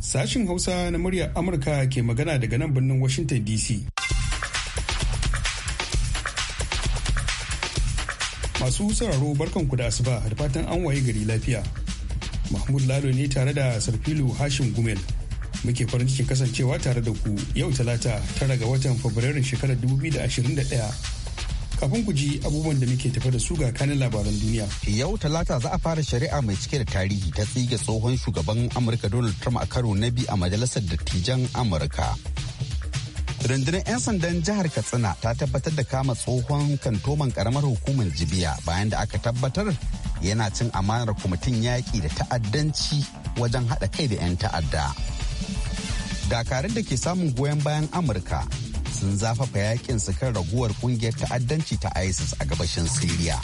sashen Hausa na muryar Amurka ke magana daga nan birnin Washington DC. Masu sauraro barkanku da asuba da fatan an waye gari lafiya. Mahmud Lalo ne tare da Sarfilu Hashim Gumel. Muke farin cikin kasancewa tare da ku yau talata tara ga watan Fabrairun shekarar 2021. kafin ku ji abubuwan da muke tafa da su ga kanin labaran duniya. Yau talata za a fara shari'a mai cike da tarihi ta tsige tsohon shugaban Amurka Donald Trump a karo na biyu a majalisar dattijan Amurka. Rundunar 'yan sandan jihar Katsina ta tabbatar da kama tsohon kantoman karamar hukumar Jibiya bayan da aka tabbatar yana cin amanar kwamitin yaƙi da ta'addanci wajen haɗa kai da 'yan ta'adda. Dakarun da ke samun goyon bayan Amurka sun zafafa yakin su kan raguwar kungiyar ta'addanci ta isis a gabashin syria.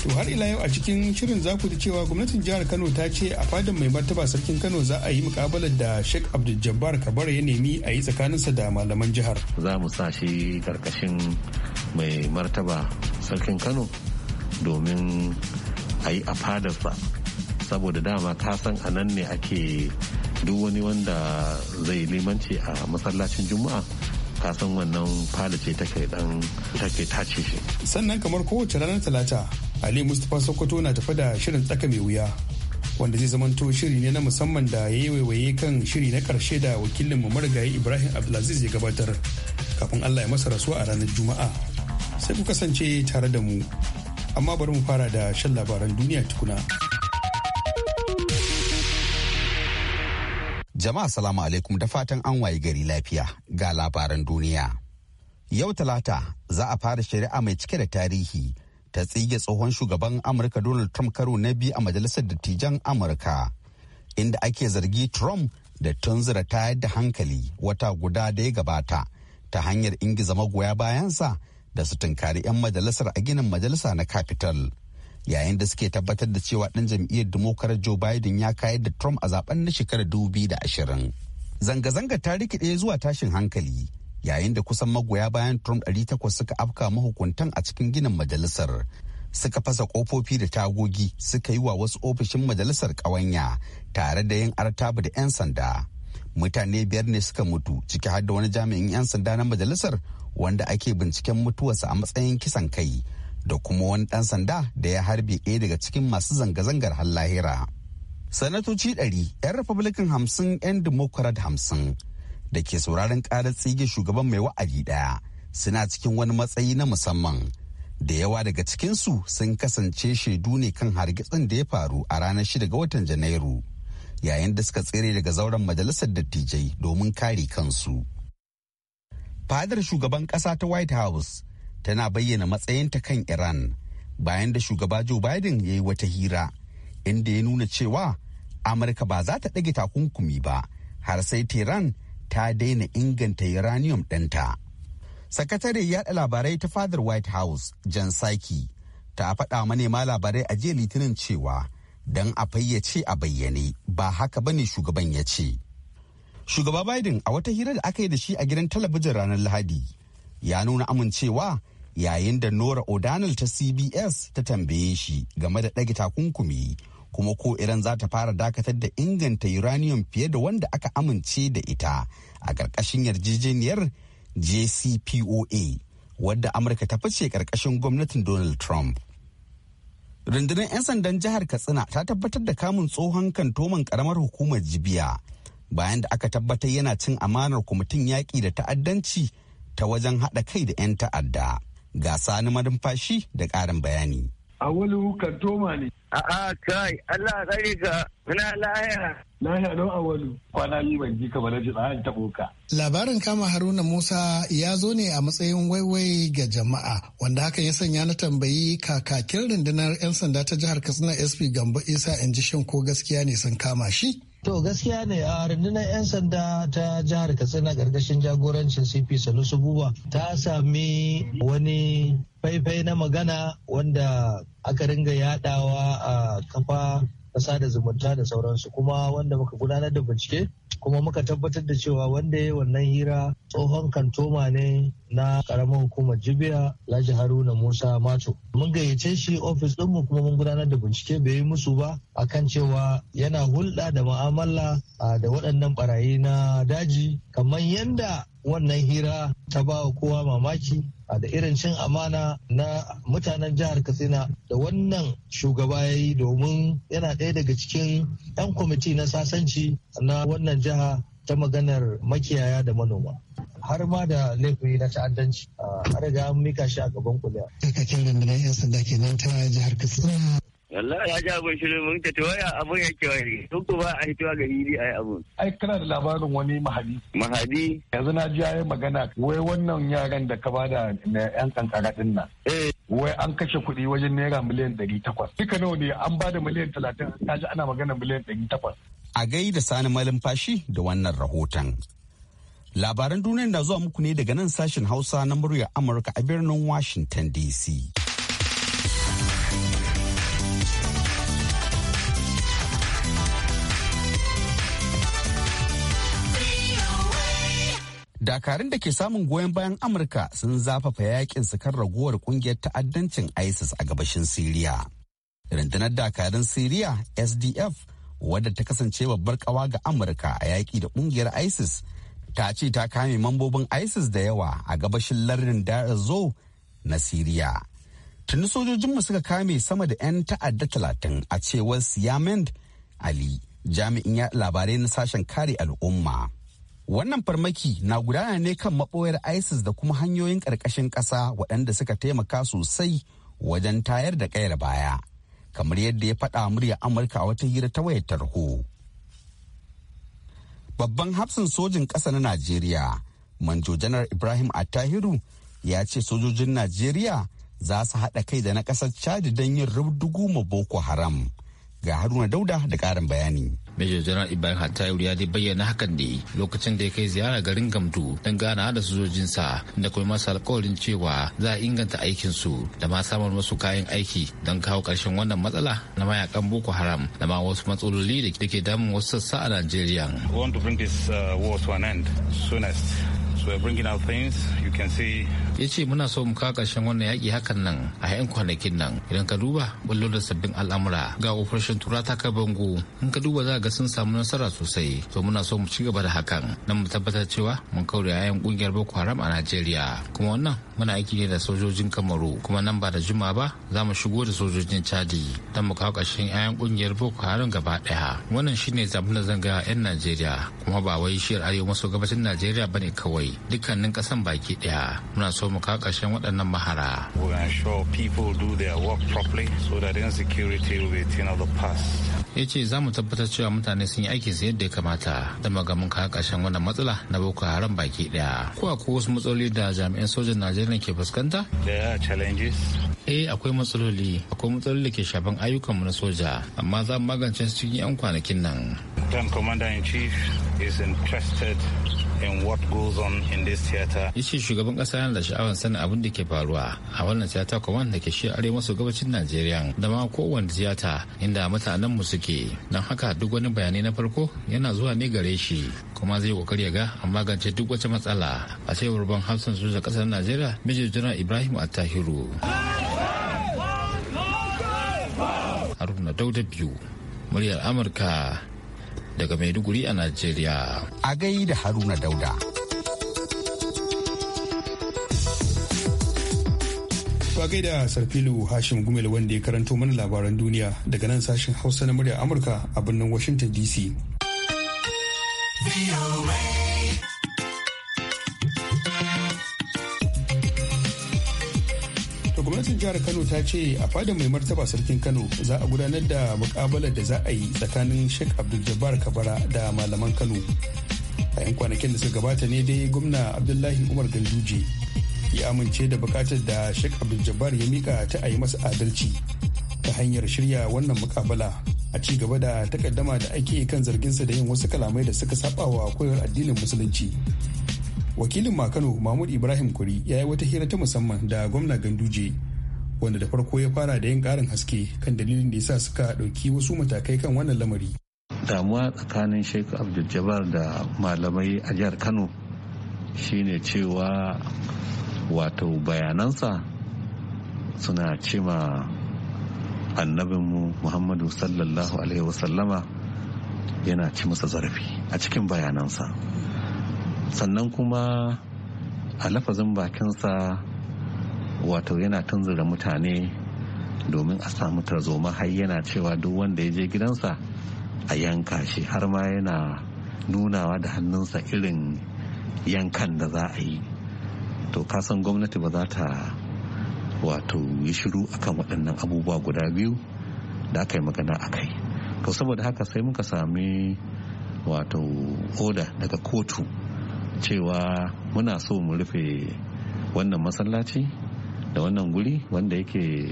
to har ila yau a cikin shirin za ku ji cewa gwamnatin jihar kano ta ce a fadin mai martaba sarkin kano za a yi mukabalar da sheikh abdul jabbar kabara ya nemi a yi tsakaninsa da malaman jihar za mu sa shi karkashin mai martaba sarkin kano domin a yi a fadarsa saboda dama ka san a nan ne ake duk wani wanda zai limanci a masallacin juma'a kasan wannan fada ce kai dan take tace shi sannan kamar kowace ranar talata ali mustapha sokoto na tafi da shirin tsaka mai wuya wanda zai zamanto shiri ne na musamman da ya yi waiwaye kan shiri na karshe da wakilin mu marigayi ibrahim abdulaziz ya gabatar kafin allah ya masa rasuwa a ranar juma'a sai ku kasance tare da mu amma bari mu fara da shan labaran duniya tukuna. Jama'a salamu alaikum da fatan an waye gari lafiya ga labaran duniya. Yau talata za a fara shari'a mai cike da tarihi ta tsige tsohon shugaban Amurka Donald Trump karo na biyu a majalisar dattijan Amurka inda ake zargi Trump da tunzura tayar da hankali wata guda da ya gabata ta hanyar ingiza magoya bayansa da su tunkari 'yan majalisar a ginin majalisa na Capitol. yayin da suke tabbatar da cewa ɗan jam'iyyar Democrat Joe Biden ya kayar da Trump a zaben na shekarar 2020. Zanga-zanga ta rikide zuwa tashin hankali yayin da kusan magoya bayan Trump 800 suka afka mahukuntan a cikin ginin majalisar. Suka fasa kofofi da tagogi suka yi wa wasu ofishin majalisar ƙawanya tare da yin artaba da 'yan sanda. Mutane biyar ne suka mutu ciki har da wani jami'in 'yan sanda na majalisar wanda ake binciken mutuwarsa a matsayin kisan kai. da kuma wani ɗan sanda da ya harbe ɗaya daga cikin masu zanga-zangar har Sanatoci ɗari 'yan Republican hamsin 'yan Democrat hamsin da ke sauraron ƙarar tsige shugaban mai wa'adi ɗaya suna cikin wani matsayi na musamman. Da yawa daga cikinsu sun kasance shaidu ne kan hargitsin da ya faru a ranar shida ga watan Janairu yayin da suka tsere daga zauren majalisar dattijai domin kare kansu. Fadar shugaban ƙasa ta White House tana bayyana matsayinta kan Iran bayan da shugaba Joe Biden ya yi wata hira inda ya nuna cewa Amurka ba za ta ɗage takunkumi ba har sai Tehran ta daina inganta uranium ɗinta. Sakatare yaɗa labarai ta fadar White House, Jan Saki, ta faɗa manema labarai a jiya litinin cewa don a fayyace a bayyane ba haka bane shugaban ya ce. Shugaba Biden a wata hira da aka yi da shi a gidan talabijin ranar Lahadi ya nuna amincewa yayin da Nora O'Donnell ta CBS ta tambaye shi game da ɗage takunkumi kuma ko Iran za ta fara dakatar da inganta uranium fiye da wanda aka amince da ita a ƙarƙashin yarjejeniyar JCPOA wadda Amurka ta fice ƙarƙashin gwamnatin Donald Trump. Rundunar 'yan sandan jihar Katsina ta tabbatar da kamun tsohon kantoman ƙaramar hukumar Jibiya bayan da aka tabbatar yana cin amanar kwamitin yaƙi da ta'addanci ta wajen haɗa kai da 'yan ta'adda. Ga sani madumfashi da ƙarin bayani. A wani hukar toma ne A'a kai Allah tsare ka muna lahiya. Lahiya don awalu kwana ni ban ji ka ba ji tsarin taɓo ka. Labarin kama Haruna Musa ya zo ne a matsayin waiwai ga jama'a wanda hakan ya sanya na tambayi kakakin rundunar 'yan sanda ta jihar Katsina SP Gambo Isa in ji shin ko gaskiya ne sun kama shi? To gaskiya ne a rundunar 'yan sanda ta jihar Katsina gargashin jagorancin CP Salisu Buba ta sami wani faifai na magana wanda aka ringa yadawa a kafa ta sada zumunta da sauransu kuma wanda muka gudanar da bincike kuma muka tabbatar da cewa wanda ya yi wannan hira tsohon kantoma ne na karamin hukumar jibiya laji haruna musa mato mun gayyace shi ofis ɗinmu kuma mun gudanar da bincike bai yi musu ba akan cewa yana hulɗa da ma'amala da waɗannan barayi na daji kamar yadda wannan hira ta ba kowa mamaki da irin cin amana na mutanen jihar katsina da wannan shugaba ya yi domin yana ɗaya daga cikin 'yan kwamiti na sasanci na wannan jiha ta maganar makiyaya da manoma har ma da laifi na ta'addanci a riga mika shi a gaban kuliya. Kakakin rundunar 'yan sanda nan ta jihar Katsina wallahi ya ji abin shirin mun ta tawaya abin yake wani duk ba a hitowa ga hili a yi abin. ai kana da labarin wani mahadi. mahadi. yanzu na ji yayin magana wai wannan yaran da ka bada na yan kankara din nan. Eh. wai an kashe kuɗi wajen naira miliyan ɗari takwas. duka nawa ne an bada miliyan talatin kaji ana magana miliyan ɗari takwas. a gaida sani malumfashi da wannan rahoton. Labaran duniya na zuwa muku ne daga nan sashen Hausa na muryar Amurka a birnin Washington DC. dakarun da ke samun goyon bayan amurka sun zafafa yakin su kan ragowar kungiyar ta'addancin isis a gabashin siriya rundunar dakarun siriya sdf wadda ta kasance babbar kawa ga amurka a yaƙi da kungiyar isis ta ce ta kame mambobin isis da yawa a gabashin lardin dar na siriya tuni sojojinmu suka kame sama da 'yan ta'adda talatin a cewar siyamend ali jami'in ya labarai na sashen kare al'umma Wannan farmaki na gudana ne kan maɓoyar ISIS da kuma hanyoyin ƙarƙashin ƙasa waɗanda suka taimaka sosai wajen tayar da ƙayar baya, kamar yadda ya faɗa murya Amurka a wata hira ta wayar tarho. Babban hafsin sojin ƙasa na Najeriya, Manjo Janar Ibrahim Attahiru, ya ce sojojin Najeriya za su haɗa kai da na ƙasar Chad don yin rubdugu ma Boko Haram. Ga Haruna Dauda da ƙarin bayani. Major General Ibrahim Hattayur ya dai bayyana hakan ne lokacin da ya kai ziyara garin Gamdu don gana da sa da kuma masu alkawarin cewa za a inganta aikin su da ma samun wasu kayan aiki don kawo ƙarshen wannan matsala na mayakan Boko Haram da ma wasu matsaloli da ke damun wasu sassa a Najeriya. want to uh, so bringing out things you can see ya ce muna so mu kawo ƙarshen wannan yaƙi hakan nan a yan kwanakin nan idan ka duba bullo da sabbin al'amura ga ofishin tura ta ka bango in ka duba za ga sun samu nasara sosai to muna so mu ci gaba da hakan nan mu tabbatar cewa mun kaure yayan kungiyar boko haram a najeriya kuma wannan muna aiki ne da sojojin kamaru kuma nan ba da juma ba za mu shigo da sojojin chadi dan mu kawo ƙarshen yayan kungiyar boko haram gaba ɗaya wannan shine zaɓin da zanga 'yan najeriya kuma ba wai shiyar arewa maso gabashin najeriya bane kawai dukkanin kasan baki daya muna so mu ka ƙarshen waɗannan mahara ya ce za mu tabbatar cewa mutane sun yi aikin su yadda ya kamata da magamin ka wannan matsala na boko haram baki daya ko akwai wasu matsaloli da jami'an sojan najeriya ke fuskanta eh akwai matsaloli akwai matsaloli da ke shafan ayyukanmu na soja amma za mu magance su cikin 'yan kwanakin nan Sudan Commander-in-Chief is interested in what goes on in this theater. yace shugaban kasa yana da sha'awar sanin abin da ke faruwa a wannan theater kuma da ke shi arewa maso gabacin Najeriya da ma kowane theater inda mutanen mu suke. Don haka duk wani bayani na farko yana zuwa ne gare shi kuma zai kokari ga a magance duk wata matsala. A cewar ban Hafsan sojan kasar Najeriya Major General Ibrahim Attahiru. Haruna Dauda biyu muryar Amurka daga Maiduguri a Najeriya. A gai da Haruna Dauda. Ba gaida Sarfilu Hashim Gumel wanda ya karanto mana labaran duniya daga nan sashen Hausa na murya Amurka a birnin Washington DC. gwamnatin jihar kano ta ce a fadin mai martaba sarkin kano za a gudanar da mukabalar da za a yi tsakanin sheikh abdul kabara da malaman kano a 'yan kwanakin da suka gabata ne dai gwamna abdullahi umar ganduje ya amince da bukatar da sheikh abdul ya mika ta a yi masa adalci ta hanyar shirya wannan mukabala a ci gaba da takaddama da ake kan zarginsa da yin wasu kalamai da suka saba wa koyar addinin musulunci wakilin makano mahmud ibrahim kuri ya yi wata hira ta musamman da gwamna ganduje wanda da farko ya fara da yin karin haske kan dalilin da yasa suka ɗauki wasu matakai kan wannan lamari. damuwa tsakanin sheik abdul da malamai a jihar kano shine cewa wato bayanansa suna cima annabinmu muhammadu sallallahu alaihi wasallama yana ci masa zarafi a cikin bayanansa sannan kuma a lafazin bakinsa wato yana tunzura mutane domin a samu tarzoma har yana cewa duk wanda ya je gidansa a yanka shi har ma yana nunawa da hannunsa irin yankan da za a yi to kasan gwamnati ba za ta wato yi shiru akan waɗannan abubuwa guda biyu da aka yi magana a kai to saboda haka sai muka sami wato oda daga kotu cewa muna so mu rufe wannan masallaci da wannan guri wanda yake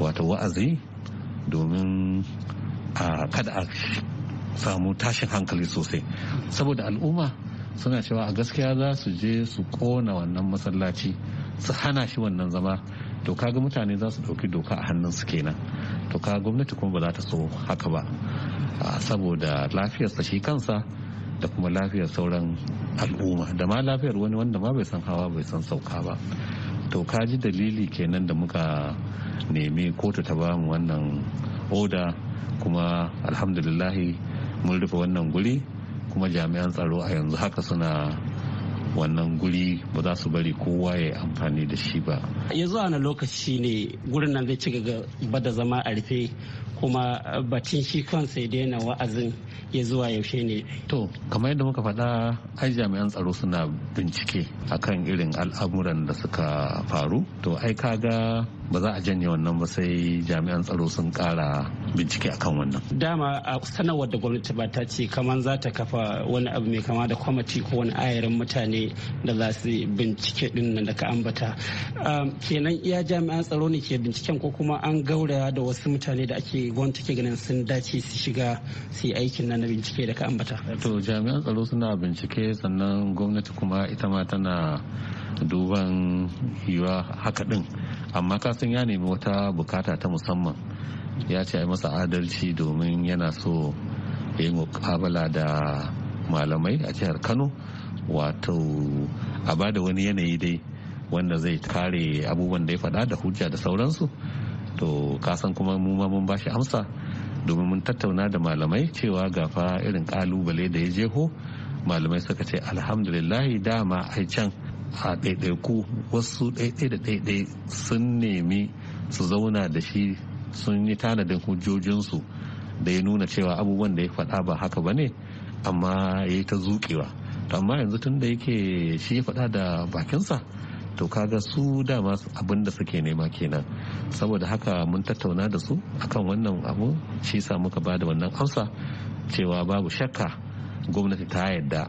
wata wa'azi domin a kada a samu tashin hankali sosai saboda al'umma suna cewa a gaskiya za su je su kona wannan masallaci su hana shi wannan zama to kaga mutane za su ɗauki doka a hannun su kenan to kaga gwamnati kuma ba za ta so haka ba saboda lafiyarsa shi kansa da kuma lafiyar sauran al'umma da ma lafiyar wani wanda ma bai san hawa bai san sauka ba to kaji dalili kenan da muka nemi kotu ta bamu wannan oda kuma alhamdulillahi mun rufe wannan guri kuma jami'an tsaro a yanzu haka suna wannan guri ba za su bari kowa ya amfani da shi ba yanzu a lokaci ne gurin nan zai ci gaba da zama a rufe kuma eh, batun shi kansa ya daina wa'azin ya zuwa yaushe ne to kamar yadda muka faɗa ai jami'an tsaro suna bincike akan irin al'amuran da suka faru to ai kaga ba za a janye wannan ba sai jami'an tsaro sun kara bincike akan wannan dama a sanarwar da gwamnati ba ta ce kaman za ta kafa wani abu mai kama da kwamiti ko wani ayarin mutane da za su bincike din nan da ka ambata kenan iya jami'an tsaro ne ke binciken ko kuma an gauraya da wasu mutane da ake gwamnati ke ganin sun dace su shiga su yi aikin nan na bincike da ka ambata to jami'an tsaro suna bincike sannan gwamnati kuma ita ma tana duban yiwa haka din amma kasan ya nemi wata bukata ta musamman ya ce a masa adalci domin yana so ya yi mukabala da malamai a jihar kano wato a ba da wani yanayi dai wanda zai kare abubuwan da ya faɗa da hujja da sauransu to kasan kuma mu ma mun bashi amsa domin mun tattauna da malamai cewa gafa irin kalubale da ya jeho malamai suka ce alhamdulillahi dama ai can a ɗaiɗaiku wasu ɗaiɗai da ɗaiɗai sun nemi su zauna da shi sun yi tanadin hujjojinsu da ya nuna cewa abubuwan da ya faɗa ba haka ba ne amma ya yi ta zuƙewa amma yanzu tun da yake shi ya faɗa da bakinsa to kaga su dama abin da suke nema kenan saboda haka mun tattauna da su akan wannan abu shi sa muka ba da wannan amsa cewa babu shakka gwamnati ta yadda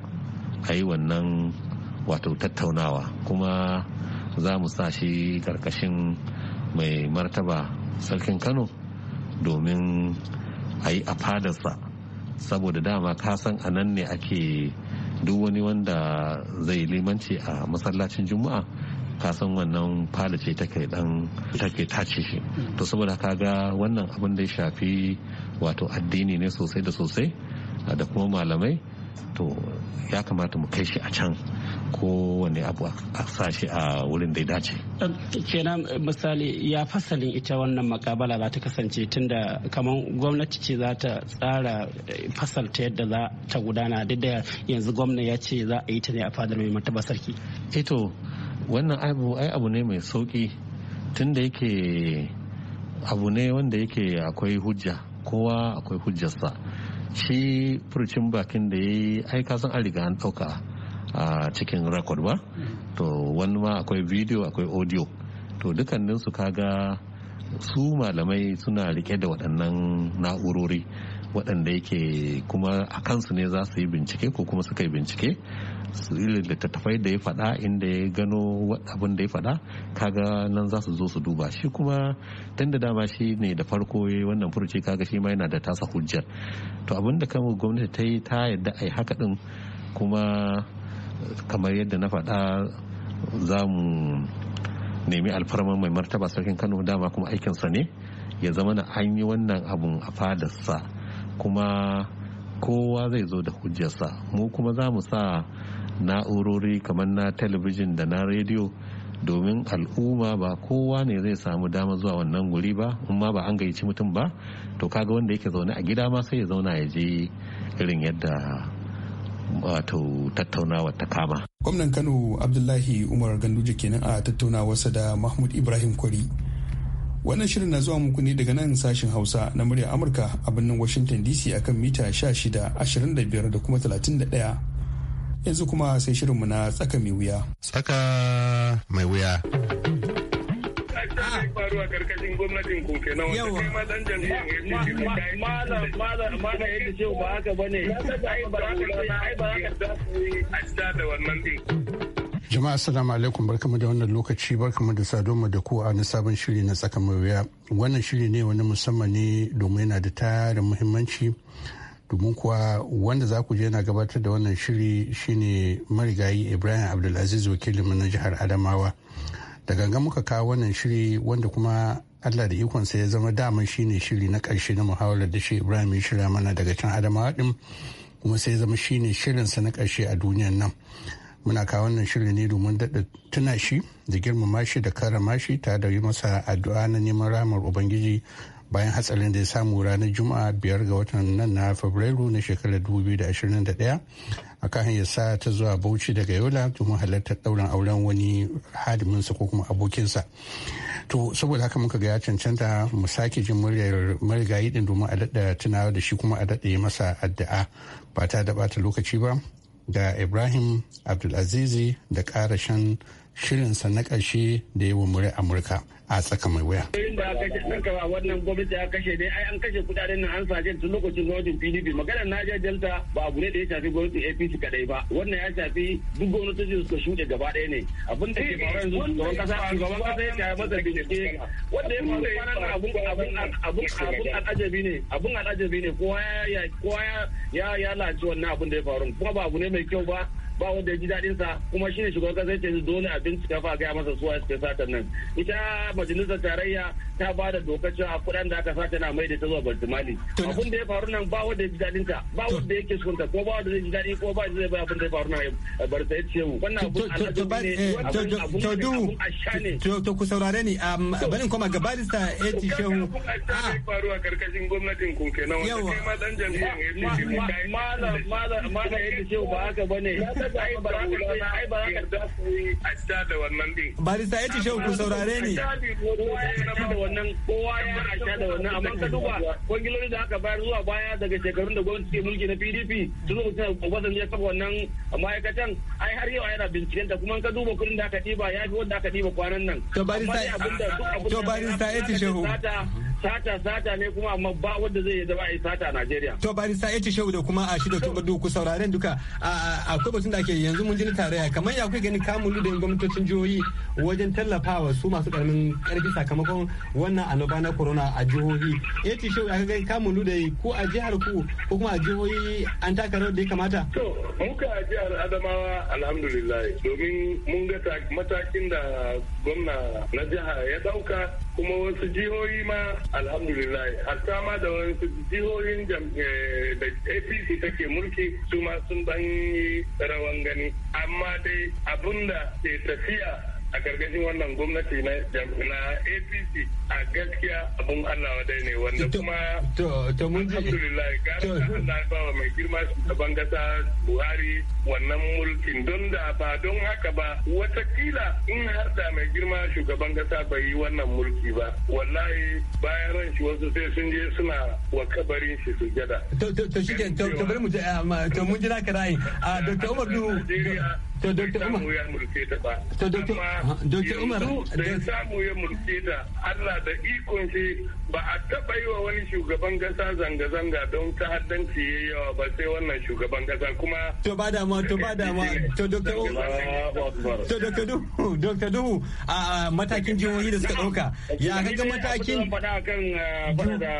a yi wannan wato tattaunawa kuma za mu sa shi karkashin mai martaba sarkin kano domin a yi a fadarsa saboda dama kasan a nan ne ake duk wani wanda zai limanci a masallacin juma'a kasan wannan fada ce take dan take tace shi to saboda ka ga wannan abin da ya shafi wato addini ne sosai da sosai da kuma malamai to ya kamata mu kai shi a can Ko kowane abu a sashi a wurin da ya dace. kenan misali ya fasalin ita wannan makabala za ta kasance tunda kamar gwamnati ce za ta tsara eh, fasalta yadda za ta gudana duk da yanzu gwamna ya ce za a yi ta ne a fadar mai martaba sarki. eto eh wannan abu ai abu ne mai sauki tunda yake abu ne wanda yake akwai hujja kowa akwai hujjarsa shi furcin bakin da ya yi ai kasan an riga an ɗauka a cikin record ba to wani ma akwai video akwai audio to dukanninsu kaga su malamai suna rike da waɗannan na'urori waɗanda yake kuma a kansu ne za su yi bincike ko kuma suka yi bincike su littattafai da ya faɗa inda ya gano abin da ya faɗa kaga nan za su zo su duba shi kuma tun da dama shi ne da farko wannan furuci kaga shi ma yana da tasa hujjar to abin da kama gwamnati ta yi ta yadda a yi haka din kuma kamar yadda na faɗa za mu nemi alfarma mai martaba sarkin kano dama kuma aikinsa ne ya zama na an yi wannan abun a fadarsa kuma kowa zai zo da hujjarsa mu kuma za mu sa na'urori kamar na talabijin da na rediyo domin al'umma ba kowa ne zai samu dama zuwa wannan guri ba in ma ba an gayyaci mutum ba to kaga wanda yake zaune a gida ma sai ya zauna ya je irin yadda wato tattaunawa ta kama. Gwamnan Kano Abdullahi Umar Ganduje kenan a tattaunawarsa da Mahmud Ibrahim Kwari. Wannan shirin na zuwa muku ne daga nan sashen Hausa na murya Amurka a birnin Washington DC akan mita 16, 25 da biyar da kuma 31. Yanzu kuma sai shirinmu na tsaka mai wuya. Tsaka mai wuya. yake faruwa karkashin gwamnatin ku kenan wanda kai ma dan jam'iyyar APC malam malam malam yadda ce ba haka bane ai ba ai ba haka da a da wannan din Jama'a assalamu alaikum barkamu da wannan lokaci barkamu da sadonmu da ku a sabon shiri na tsaka wuya wannan shiri ne wani musamman ne domin yana da tarin muhimmanci domin kuwa wanda za ku je yana gabatar da wannan shiri shine marigayi ibrahim abdulaziz wakilinmu na jihar adamawa da ganga muka kawo wannan shiri wanda kuma allah da ikonsa ya zama daman shine shiri na karshe na muhawarar da shi ibrahim ya shirya mana daga can adamawa din kuma sai ya zama shine shirinsa na karshe a duniyan nan muna kawo wannan shiri ne domin daɗa tuna shi da girmama shi da karama shi tare da yi masa addu'a na neman ramar ubangiji bayan hatsarin da ya samu ranar juma'a biyar ga watan nan na fabrairu na shekarar 2021 a kan hanyar sa ta zuwa bauchi daga yola domin halartar ɗaurin auren wani hadiminsa ko kuma abokinsa to saboda haka muka ga ya cancanta mu sake jin muryar marigayi din domin a daɗa tunawa da shi kuma a daɗa masa addu'a ba ta da ɓata lokaci ba da ibrahim abdulazizi da ƙarashen shirinsa na ƙarshe da yawan muryar amurka a tsaka mai waya. da aka kashe ɗan kawa wannan gwamnati ya kashe dai ai an kashe kudaden nan an sace tun lokacin gwamnatin PDP maganar Niger Delta ba abu ne da ya shafi gwamnatin APC kadai ba wannan ya shafi duk gwamnatin gwamnatocin suka shuɗe gaba ɗaya ne abin da ke faruwa yanzu eh, shugaban kasa shugaban kasa ya kai masa bincike wanda ya faru kwanan nan abun abun abun abun al'ajabi ne abun al'ajabi ne kowa ya kowa ya ya lalace wannan abun da ya faru kuma ba abu ne mai kyau ba ba wanda ya ji daɗin sa kuma shine shugaban kasa ya dole a bincika fa ga masa suwa suka sata nan ita majalisar tarayya ta ba da dokar cewa kuɗin da aka sata na mai da ta zuwa bartimali abin da ya faru nan ba wanda ya ji daɗin ta ba wanda yake son ta ko ba wanda zai ji daɗi ko ba zai ba abin da ya faru nan bar ta yace mu wannan abin al'ajabi ne abin a sha ne to ku saurare ni barin koma ga barista eti shehu a faruwa karkashin gwamnatin kun kenan wanda kai ma dan jam'iyyar eti ma ma ma ma ba haka bane ba barista ya ce shehu ku saurare ni kowa ya sha da wannan amma ka duba kwangilori da aka bayar zuwa baya daga shekarun da gwamnati ke mulki na PDP su zo mutum Obasanjo ya kafa wannan ma'aikatan ai har yau yana binciken da kuma ka duba kudin da aka ɗiba ya fi wanda aka ɗiba kwanan nan to barista ya ce shehu sata sata ne kuma amma ba wanda zai zama a yi sata a Najeriya. To barista ya ci shehu da kuma a ah, shida tuba duku sauraren duka ah, ah, akwai batun da ake yanzu mun jini tarayya kamar ya kai gani kamun ludin gwamnatocin jihohi wajen tallafawa su masu karamin karfi sakamakon wannan annoba na corona a jihohi. Ya ci shehu aka gani kamun ludin ko a jihar ku ko kuma a jihohi an taka rawar da ya kamata. To muka a jihar Adamawa alhamdulillah domin mun ga matakin da gwamna na jiha ya dauka kuma wasu jihohi ma alhamdulillah hatta ma da wasu jihohin eh, da apc take mulki su ma sun ɗan yi rawan gani amma dai abinda ke tafiya a gargajin wannan gwamnati na apc a gaskiya abun allah wadai ne wanda kuma to mun alhamdulillah ga allah ba wa mai girma shugaban kasa buhari wannan mulkin don da ba don haka ba watakila in har da mai girma shugaban kasa bai yi wannan mulki ba wallahi bayan ran shi wasu sai sun je suna wa kabarin shi su gada to shi ke to bari mu ta eh, to mun ji naka ra'ayi a ah, dr umar duhu to dokta umar ya mulke ta ba to dokta dokta umar da ya samu ya mulke ta Allah da ikon shi ba a taba yi wa wani shugaban kasa zanga zanga don ta haddanci yayi yawa ba sai wannan shugaban kasa kuma to ba da ma to ba da ma to dokta to dokta du dokta du a matakin jihohi da suka dauka ya kaga matakin faɗa kan faɗa ah, da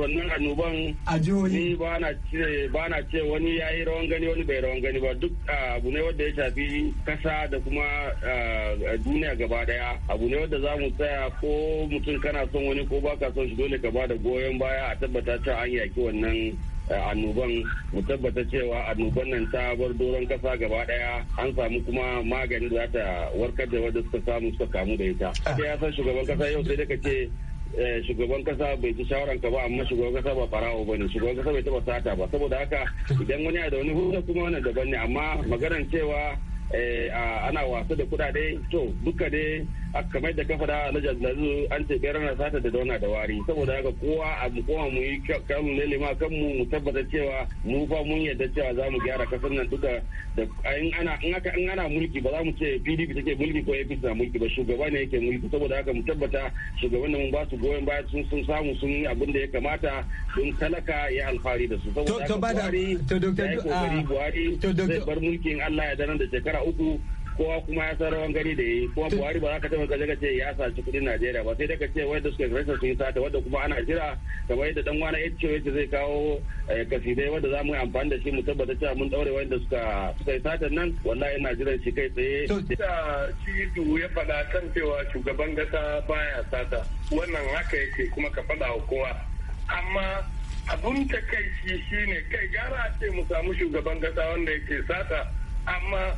wannan annoban a jihohi ba na ce ce wani yayi rawan gani wani bai rawan gani ba duk ah, abu ne wanda ya shafi shafi kasa da kuma eh, duniya gaba daya abu ne wanda za mu tsaya ko mutum kana son wani ko ba ka son shi dole ka ba da goyon baya a tabbata cewa an yaki wannan eh, annoban mu tabbata cewa annoban nan ta bar doron kasa gaba daya an samu kuma magani da ta warkar da wanda suka samu suka kamu da ita sai ya san shugaban kasa yau sai da ka ce Eh, shugaban kasa bai ji shawaran ka ba amma shugaban kasa ba farawo ba ne shugaban kasa bai taba sata ba saboda haka idan wani da wani hujja kuma wani daban ne amma maganar cewa eh, ana wasa da kuɗaɗe to duka dai kamar da ka da na jaznazu an ce bayar rana sata da dauna da wari saboda haka kowa a mu kowa mu yi kanmu ne lima kanmu mu tabbata cewa mu fa mun yadda cewa za mu gyara kasar nan duka da in ana in aka in ana mulki ba za mu ce PDP take mulki ko APC na mulki ba shugaba ne yake mulki saboda haka mu tabbata shugaban nan ba su goyon baya sun sun samu sun yi abin da ya kamata don talaka ya alfahari da su saboda haka to to to ah, to to to bar to Allah ya dana da shekara uku kowa kuma ya san rawan gani da yi kuma buhari ba za ka taɓa ka ce ya saci kuɗin najeriya ba sai daga ce da suka rashin sun sata wanda kuma ana jira kamar yadda dan wani yace yace zai kawo eh, kasidai wanda za mu yi amfani da shi mu tabbata cewa mun daure wanda suka suka yi sata nan wallahi ina jiran shi kai tsaye da shi ya faɗa kan cewa shugaban gasa baya sata wannan haka yake kuma ka faɗa wa kowa amma abun ta takaici shine kai gara a ce mu samu shugaban gasa wanda yake sata amma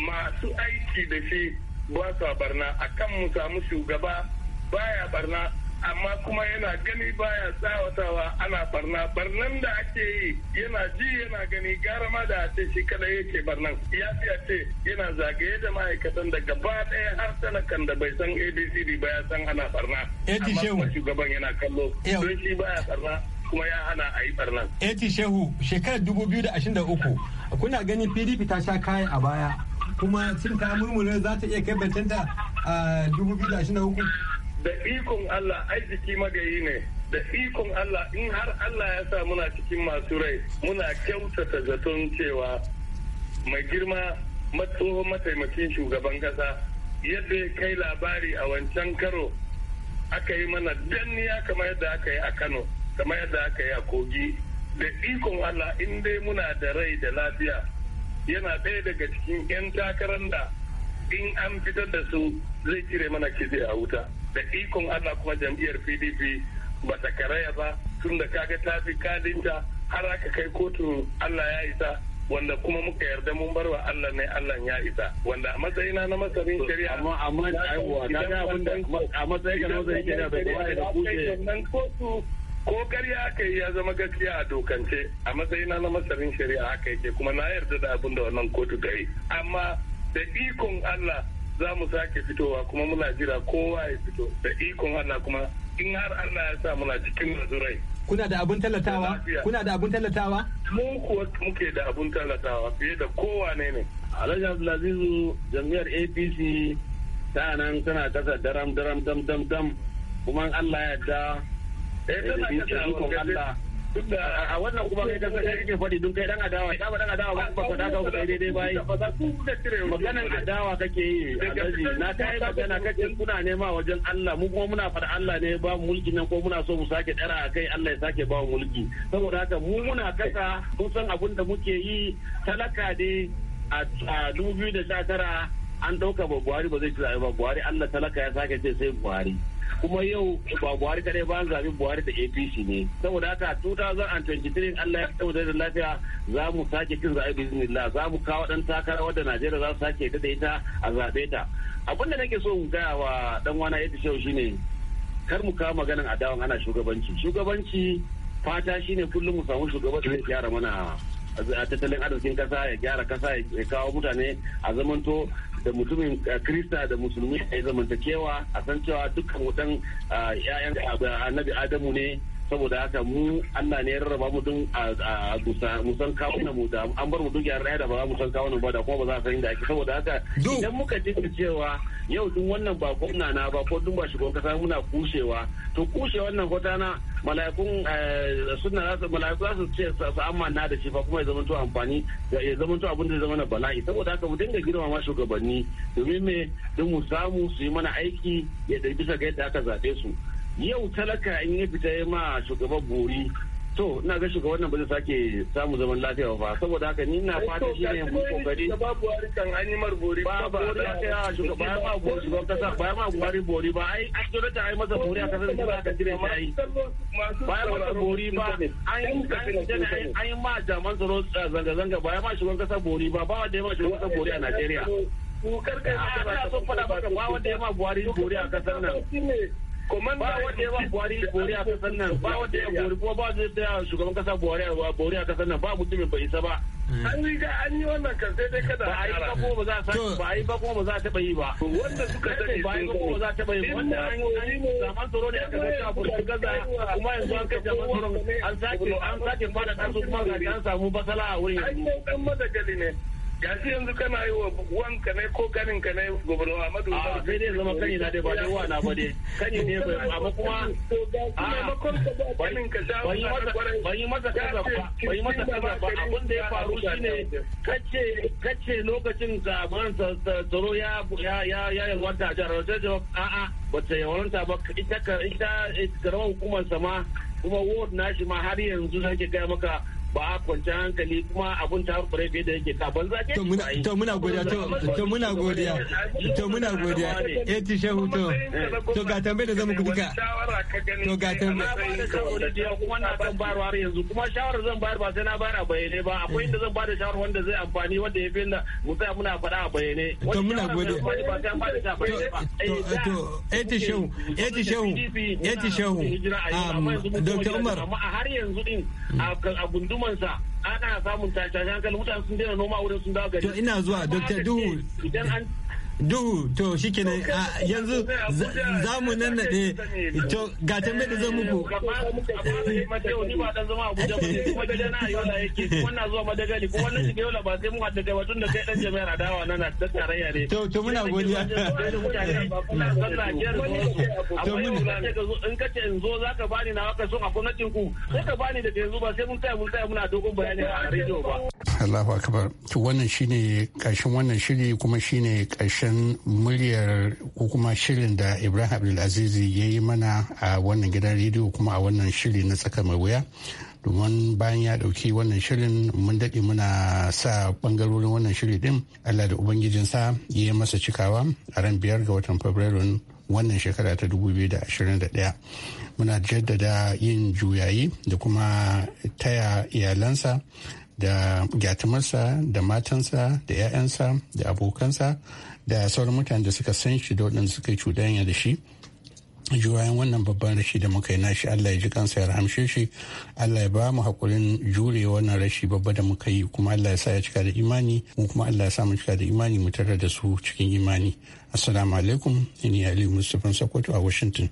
masu aiki da shi ba sa barna akan mu samu shugaba baya barna amma kuma yana gani baya tsawatawa ana barna barnan da ake yi yana ji yana gani gara ma da ce shi kada yake barnan ya fi ce yana zagaye da ma'aikatan da gaba ɗaya har talakan da bai san abcd ba ya san ana barna eh, amma kuma shugaban yana kallo don shi baya barna kuma ya hana a yi barnan. eti eh, shehu shekarar 2023 kuna ganin pdp ta sha kaya a baya kuma cin ta murmure za ta iya kai bantanta a dubu biyu da ashirin da Da ikon Allah arziki magayi ne. Da ikon Allah in har Allah ya sa muna cikin masu rai muna kyautata zaton cewa mai girma matsoho mataimakin shugaban kasa yadda ya kai labari a wancan karo aka yi mana danniya kamar yadda aka yi a Kano kamar yadda aka yi a Kogi da ikon Allah in dai muna da rai da lafiya yana ɗaya daga cikin 'yan takarar da in an fitar da su zai cire mana kitse a wuta da ikon allah kuma jam'iyyar pdp ba ta karaya ba tun da kaga ta fi kadinta har aka kai kotun allah ya isa wanda kuma muka yarda mun bar wa Allah ne Allah ya isa wanda a matsayina na masarin shari'a amma amma aiwa na ga abin da a matsayin ka na masarin shari'a bai kamata ka kuce ko karya aka yi ya zama gaskiya a dokance a matsayina na masarin shari'a haka yake kuma na yarda da abin da wannan kotu ta yi amma da ikon Allah za mu sake fitowa kuma muna jira kowa ya fito da ikon Allah kuma in har Allah ya sa muna cikin mazurai. Kuna da abun tallatawa? Kuna da abun tallatawa? Mu kuwa muke da abun tallatawa fiye da kowa ne ne. Alhaji Abdulazizu jami'ar APC ta nan tana kasa daram daram dam dam dam kuma Allah ya yarda Eh, a wannan kuma kai ka kai kake faɗi dun kai dan adawa ya ba dan adawa ba ba ka daga ku da bai maganan adawa kake yi alaji na kai magana kace kuna nema wajen Allah mu kuma muna faɗa Allah ne ba mu mulki nan ko muna so mu sake dara kai Allah ya sake ba mu mulki saboda haka mu muna kasa mun san abin da muke yi talaka de a dubu da tara an ɗauka ba Buhari ba zai ci ba Buhari Allah talaka ya sake ce sai Buhari kuma yau ba buhari kadai ba zabi buhari da apc ne saboda haka 2023 allah ya tsawo da lafiya za mu sake cin zaɓe bismillah za mu kawo ɗan takara wadda najeriya za su sake ta da ita a zaɓe ta abin da nake so mu gaya wa dan wana yadda shau shine kar mu kawo maganan adawan ana shugabanci shugabanci fata shine kullum mu samu shugaban da zai gyara mana tattalin arzikin kasa ya gyara kasa ya kawo mutane a zamanto da mutumin krista da musulmi a zamantakewa a san cewa dukkan wutan 'ya'yan annabi adamu ne saboda haka mu Allah ne ya rarraba mu don a musan kawunan mu da an bar mu duk yar da ba za mu san ba da kuma ba za a san inda ake saboda haka idan muka ji cewa yau duk wannan ba ko na ba ko duk ba shugaban kasa muna kushewa to kushe wannan na mala'ikun eh, suna mala'iku za su ce su amanna da shi fa kuma ya zama to amfani ya zama to abin da zama na bala'i saboda haka mu dinga girma ma shugabanni domin me don mu samu su yi mana aiki ya bisa ga yadda aka zaɓe su yau talaka in ya fita ya ma shugaban bori to ina ga shugaban nan ba zai sake samu zaman lafiya ba saboda haka ni ina fata shi ne mu kokari ba buhari kan an yi ba ba ba kai ba buhari shugaban kasa ba ma buhari ba ai an zo ta ai masa bori a kasar da aka jira shi yi ba ya masa bori ba an an yi ma jaman tsaro eh, zanga zanga ba ya ma shugaban kasa bori ba ba wanda ya ma shugaban kasa bori a Najeriya kukar kai ah, ba ta ba fada maka ba wanda ya ma buhari bori a kasar nan komanda wanda ya ba buhari buhari a kasar nan ba wanda ya kuma ba zai tsaya shugaban kasa buhari a buhari a kasar nan ba mutumin bai isa ba an yi ga an yi wannan kan sai dai kada a yi ba kuma ba za a ba a yi ba kuma ba za a taba yi ba wanda suka sani ba yi ba kuma ba za a taba yi wanda an yi zaman tsaro ne aka zai kafin su gaza kuma yanzu an kai zaman tsaron an sake an sake fara dan kuma ga an samu basala a wurin yanzu an yi dan madagali ne yanzu yanzu kana yi wa wanka ne ko kanin ka ne gwamnan Ahmadu Umar ah, sai dai zama kani na dai ba dai wana ba dai kani ne bai amma kuma ah, ban yi masa kaza ba ban yi masa kaza ba abin da ya faru shine kace kace lokacin da man tsaro ya ya ya ya yalwata jihar Rajajab a'a bata yawanta ba ita ita karamar hukumar sama kuma ward nashi ma har yanzu sake gaya maka ba kwanciyar hankali kuma abun ta kure fiye da yake ka ban zage to muna to muna godiya to muna godiya to muna godiya eh ti shehu to to ga tambaye da zamu ku duka to ga tambaye kuma na kan bayar har yanzu kuma shawara zan bayar ba sai na bayar a bayyane ba akwai inda zan bada shawara wanda zai amfani wanda ya fi da mu tsaya muna faɗa a bayyane to muna godiya to eh ti shehu eh ti shehu eh ti shehu Dr. Umar amma har yanzu din a gunduma nomansa ana samun tashin hankali mutane sun daina noma wurin sun dawo gari. To ina zuwa Dr. Duhu. Idan an duhu to shi kenan yanzu za mu nan naɗe to ga tambe da zan muku to to muna godiya to muna in ka ce in zo za ka bani na waka sun a gwamnatin ku sai ka bani da yanzu ba sai mun taya mun taya muna dogon bayani a rediyo ba Allahu akbar to wannan shine kashin wannan shiri kuma shine kashin ƙarshen muryar ko kuma shirin da ibrahim abdul'azizi ya yi mana a wannan gidan rediyo kuma a wannan shiri na tsaka mai wuya domin bayan ya ɗauki wannan shirin mun daɗe muna sa ɓangarorin wannan shiri ɗin allah da ubangijinsa ya yi masa cikawa a ran biyar ga watan fabrairu wannan shekara ta 2021 muna jaddada yin juyayi da kuma taya iyalansa da gyatumarsa da matansa da 'ya'yansa da abokansa da sauran mutane da suka san shi da waɗanda suka yi cuɗanya da shi juwayen wannan babban rashi da muka yi na shi Allah ya ji kansa ya rahamshe shi Allah ya ba mu haƙurin jure wannan rashi babba da muka yi kuma Allah ya sa ya cika da imani mu kuma Allah ya sa mu cika da imani mu tarar da su cikin imani assalamu alaikum ni Ali Mustapha Sokoto a Washington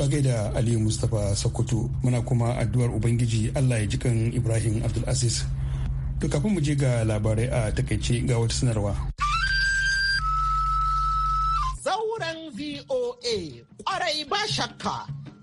To da Ali Mustapha Sokoto muna kuma addu'ar Ubangiji Allah ya jikan Ibrahim Abdulaziz. To kafin mu je ga labarai a takaice ga wata sanarwa. Zauren VOA kwarai ba shakka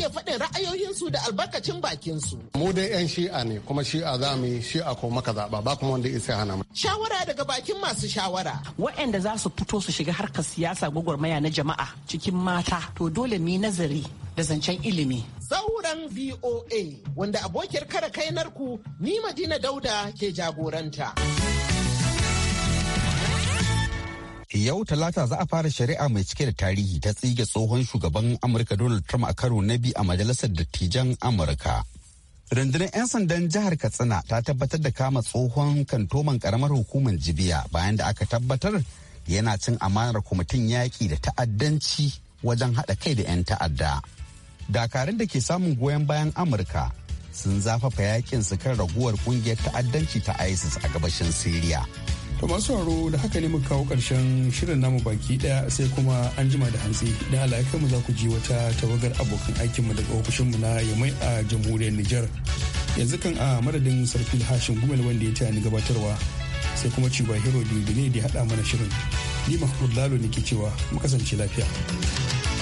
iya faɗin su da albarkacin bakinsu. Mu dai 'yan shi'a ne kuma shi'a za mu yi shi'a ko maka zaɓa ba kuma wanda isa hana mu. Shawara daga bakin masu shawara. Waɗanda za su fito su shiga harkar siyasa gwagwarmaya na jama'a cikin mata to dole mu yi nazari da zancen ilimi. Zauren VOA wanda abokiyar kare kainar ni Madina Dauda ke jagoranta. Yau Talata za a fara shari'a mai cike da tarihi ta tsige tsohon shugaban Amurka Donald Trump a karo na biyu a majalisar dattijan Amurka. Rundunar 'yan sandan jihar Katsina ta tabbatar da kama tsohon kantoman karamar hukumar Jibiya bayan da aka tabbatar yana cin amanar kwamitin yaƙi da ta'addanci wajen haɗa kai da 'yan ta'adda. Dakarun da ke samun goyon bayan Amurka sun zafafa yakin su kan raguwar kungiyar ta'addanci ta ISIS a gabashin Siriya. To masu sauraro da haka ne muka kawo ƙarshen shirin namu baki ɗaya sai kuma an jima da hantsi da alaƙar mu za ku ji wata tawagar abokan aikin mu daga ofishin mu na Yamai a jamhuriyar Nijar. Yanzu kan a madadin Sarki Hashin Gumel wanda ya taya ni gabatarwa sai kuma Ciba Hero ne da ya haɗa mana shirin. Ni Mahmud Lalo ne ke cewa mu kasance lafiya.